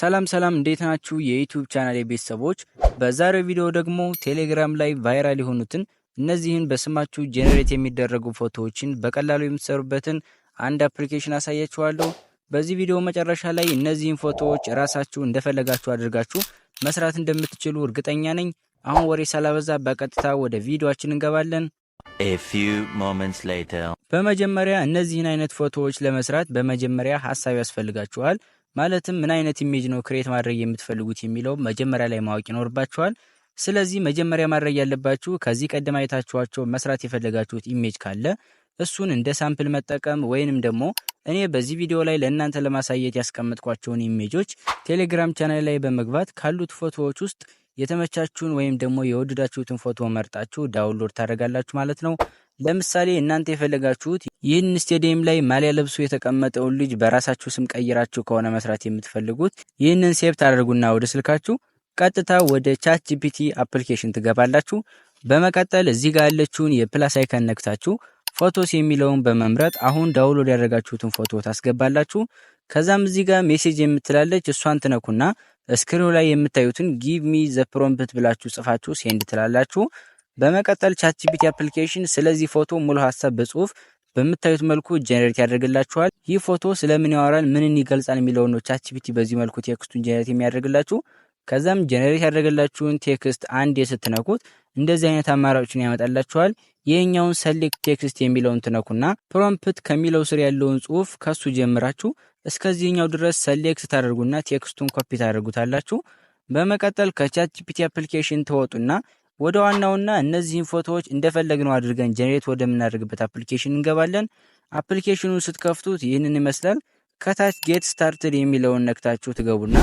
ሰላም ሰላም እንዴት ናችሁ? የዩቲዩብ ቻናል የቤተሰቦች በዛሬው ቪዲዮ ደግሞ ቴሌግራም ላይ ቫይራል የሆኑትን እነዚህን በስማችሁ ጄኔሬት የሚደረጉ ፎቶዎችን በቀላሉ የምትሰሩበትን አንድ አፕሊኬሽን አሳያችኋለሁ። በዚህ ቪዲዮ መጨረሻ ላይ እነዚህን ፎቶዎች ራሳችሁ እንደፈለጋችሁ አድርጋችሁ መስራት እንደምትችሉ እርግጠኛ ነኝ። አሁን ወሬ ሳላበዛ በቀጥታ ወደ ቪዲዮችን እንገባለን። በመጀመሪያ እነዚህን አይነት ፎቶዎች ለመስራት በመጀመሪያ ሀሳብ ያስፈልጋችኋል። ማለትም ምን አይነት ኢሜጅ ነው ክሬት ማድረግ የምትፈልጉት የሚለው መጀመሪያ ላይ ማወቅ ይኖርባችኋል። ስለዚህ መጀመሪያ ማድረግ ያለባችሁ ከዚህ ቀደም አይታችኋቸው መስራት የፈለጋችሁት ኢሜጅ ካለ እሱን እንደ ሳምፕል መጠቀም ወይንም ደግሞ እኔ በዚህ ቪዲዮ ላይ ለእናንተ ለማሳየት ያስቀመጥኳቸውን ኢሜጆች ቴሌግራም ቻናል ላይ በመግባት ካሉት ፎቶዎች ውስጥ የተመቻችሁን ወይም ደግሞ የወደዳችሁትን ፎቶ መርጣችሁ ዳውንሎድ ታደርጋላችሁ ማለት ነው። ለምሳሌ እናንተ የፈለጋችሁት ይህን ስቴዲየም ላይ ማሊያ ለብሶ የተቀመጠውን ልጅ በራሳችሁ ስም ቀይራችሁ ከሆነ መስራት የምትፈልጉት ይህንን ሴብ ታደርጉና ወደ ስልካችሁ ቀጥታ ወደ ቻት ጂፒቲ አፕሊኬሽን ትገባላችሁ። በመቀጠል እዚህ ጋር ያለችውን የፕላስ አይከን ነክታችሁ ፎቶስ የሚለውን በመምረጥ አሁን ዳውንሎድ ያደረጋችሁትን ፎቶ ታስገባላችሁ። ከዛም እዚህ ጋር ሜሴጅ የምትላለች እሷን ትነኩና ስክሪኑ ላይ የምታዩትን ጊቭ ሚ ዘ ፕሮምፕት ብላችሁ ጽፋችሁ ሴንድ ትላላችሁ። በመቀጠል ቻትጂፒቲ አፕሊኬሽን ስለዚህ ፎቶ ሙሉ ሀሳብ በጽሁፍ በምታዩት መልኩ ጀነሬት ያደርግላችኋል። ይህ ፎቶ ስለምን ያወራል፣ ምንን ይገልጻል የሚለውን ነው ቻትጂፒቲ በዚህ መልኩ ቴክስቱን ጀነሬት የሚያደርግላችሁ። ከዛም ጀነሬት ያደረገላችሁን ቴክስት አንድ ስትነኩት እንደዚህ አይነት አማራጮችን ያመጣላችኋል። ይህኛውን ሰሌክት ቴክስት የሚለውን ትነኩና ፕሮምፕት ከሚለው ስር ያለውን ጽሁፍ ከሱ ጀምራችሁ እስከዚህኛው ድረስ ሰሌክት ታደርጉና ቴክስቱን ኮፒ ታደርጉታላችሁ። በመቀጠል ከቻት ጂፒቲ አፕሊኬሽን ትወጡና ወደ ዋናውና እነዚህን ፎቶዎች እንደፈለግነው አድርገን ጀኔሬት ወደምናደርግበት አፕሊኬሽን እንገባለን። አፕሊኬሽኑን ስትከፍቱት ይህንን ይመስላል። ከታች ጌት ስታርትድ የሚለውን ነክታችሁ ትገቡና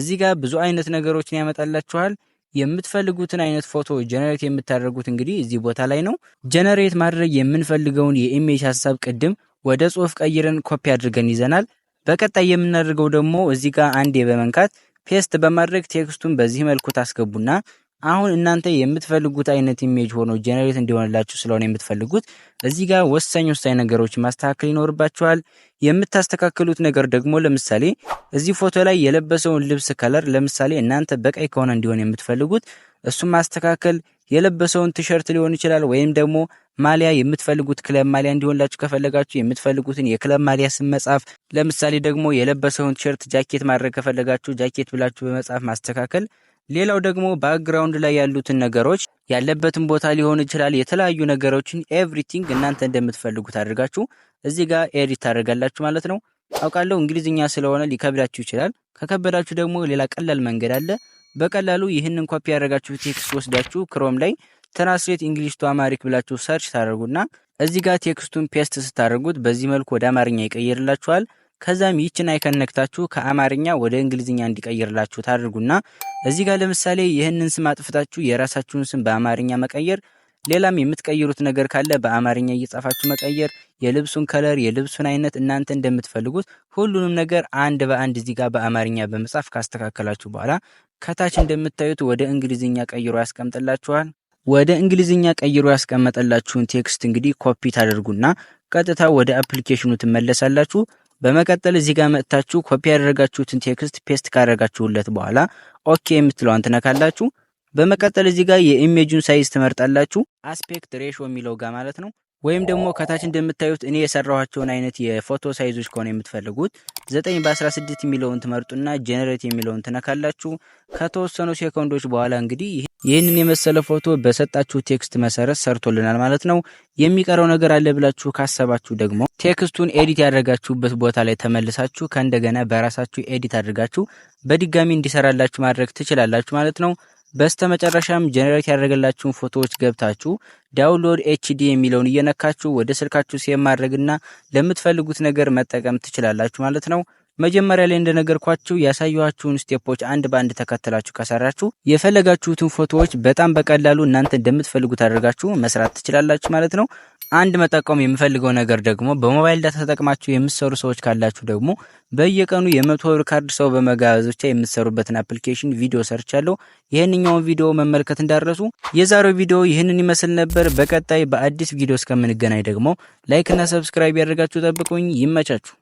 እዚህ ጋር ብዙ አይነት ነገሮችን ያመጣላችኋል። የምትፈልጉትን አይነት ፎቶ ጀነሬት የምታደርጉት እንግዲህ እዚህ ቦታ ላይ ነው። ጀነሬት ማድረግ የምንፈልገውን የኢሜጅ ሀሳብ ቅድም ወደ ጽሁፍ ቀይረን ኮፒ አድርገን ይዘናል። በቀጣይ የምናደርገው ደግሞ እዚህ ጋር አንዴ በመንካት ፔስት በማድረግ ቴክስቱን በዚህ መልኩ ታስገቡና አሁን እናንተ የምትፈልጉት አይነት ኢሜጅ ሆኖ ጀነሬት እንዲሆንላችሁ ስለሆነ የምትፈልጉት እዚህ ጋር ወሳኝ ወሳኝ ነገሮች ማስተካከል ይኖርባችኋል። የምታስተካክሉት ነገር ደግሞ ለምሳሌ እዚህ ፎቶ ላይ የለበሰውን ልብስ ከለር ለምሳሌ እናንተ በቀይ ከሆነ እንዲሆን የምትፈልጉት እሱን ማስተካከል የለበሰውን ቲሸርት ሊሆን ይችላል ወይም ደግሞ ማሊያ የምትፈልጉት ክለብ ማሊያ እንዲሆንላችሁ ከፈለጋችሁ የምትፈልጉትን የክለብ ማሊያ ስም መጻፍ። ለምሳሌ ደግሞ የለበሰውን ቲሸርት ጃኬት ማድረግ ከፈለጋችሁ ጃኬት ብላችሁ በመጻፍ ማስተካከል። ሌላው ደግሞ ባክግራውንድ ላይ ያሉትን ነገሮች ያለበትን ቦታ ሊሆን ይችላል። የተለያዩ ነገሮችን ኤቭሪቲንግ እናንተ እንደምትፈልጉት አድርጋችሁ እዚህ ጋር ኤዲት ታደርጋላችሁ ማለት ነው። አውቃለሁ እንግሊዝኛ ስለሆነ ሊከብዳችሁ ይችላል። ከከበዳችሁ ደግሞ ሌላ ቀላል መንገድ አለ። በቀላሉ ይህንን ኮፒ ያደረጋችሁ ቴክስት ወስዳችሁ ክሮም ላይ ትራንስሌት እንግሊሽ ቱ አማሪክ ብላችሁ ሰርች ታደርጉና እዚህ ጋር ቴክስቱን ፔስት ስታደርጉት በዚህ መልኩ ወደ አማርኛ ይቀይርላችኋል። ከዛም ይችን አይከን ነክታችሁ ከአማርኛ ወደ እንግሊዝኛ እንዲቀይርላችሁ ታደርጉና እዚህ ጋር ለምሳሌ ይህንን ስም አጥፍታችሁ የራሳችሁን ስም በአማርኛ መቀየር ሌላም የምትቀይሩት ነገር ካለ በአማርኛ እየጻፋችሁ መቀየር፣ የልብሱን ከለር፣ የልብሱን አይነት እናንተ እንደምትፈልጉት ሁሉንም ነገር አንድ በአንድ እዚህ ጋር በአማርኛ በመጻፍ ካስተካከላችሁ በኋላ ከታች እንደምታዩት ወደ እንግሊዝኛ ቀይሮ ያስቀምጥላችኋል። ወደ እንግሊዝኛ ቀይሮ ያስቀመጠላችሁን ቴክስት እንግዲህ ኮፒ ታደርጉና ቀጥታ ወደ አፕሊኬሽኑ ትመለሳላችሁ። በመቀጠል እዚህ ጋር መጥታችሁ ኮፒ ያደረጋችሁትን ቴክስት ፔስት ካደረጋችሁለት በኋላ ኦኬ የምትለዋን ትነካላችሁ። በመቀጠል እዚህ ጋር የኢሜጁን ሳይዝ ትመርጣላችሁ። አስፔክት ሬሾ የሚለው ጋር ማለት ነው። ወይም ደግሞ ከታች እንደምታዩት እኔ የሰራኋቸውን አይነት የፎቶ ሳይዞች ከሆነ የምትፈልጉት 9 በ16 የሚለውን ትመርጡና ጄኔሬት የሚለውን ትነካላችሁ። ከተወሰኑ ሴኮንዶች በኋላ እንግዲህ ይህንን የመሰለ ፎቶ በሰጣችሁ ቴክስት መሰረት ሰርቶልናል ማለት ነው። የሚቀረው ነገር አለ ብላችሁ ካሰባችሁ ደግሞ ቴክስቱን ኤዲት ያደረጋችሁበት ቦታ ላይ ተመልሳችሁ ከእንደገና በራሳችሁ ኤዲት አድርጋችሁ በድጋሚ እንዲሰራላችሁ ማድረግ ትችላላችሁ ማለት ነው። በስተመጨረሻም ጀነሬት ያደረገላችሁን ፎቶዎች ገብታችሁ ዳውንሎድ ኤችዲ የሚለውን እየነካችሁ ወደ ስልካችሁ ሴቭ ማድረግና ለምትፈልጉት ነገር መጠቀም ትችላላችሁ ማለት ነው። መጀመሪያ ላይ እንደነገርኳችሁ ያሳየኋችሁን ስቴፖች አንድ በአንድ ተከትላችሁ ከሰራችሁ የፈለጋችሁትን ፎቶዎች በጣም በቀላሉ እናንተ እንደምትፈልጉት አድርጋችሁ መስራት ትችላላችሁ ማለት ነው። አንድ መጠቆም የምፈልገው ነገር ደግሞ በሞባይል ዳታ ተጠቅማችሁ የምትሰሩ ሰዎች ካላችሁ ደግሞ በየቀኑ የመቶ ብር ካርድ ሰው በመጋበዝ ብቻ የምትሰሩበትን አፕሊኬሽን ቪዲዮ ሰርቻለሁ። ይህንኛውን ቪዲዮ መመልከት እንዳረሱ። የዛሬው ቪዲዮ ይህንን ይመስል ነበር። በቀጣይ በአዲስ ቪዲዮ እስከምንገናኝ ደግሞ ላይክ እና ሰብስክራይብ ያደርጋችሁ ጠብቁኝ። ይመቻችሁ።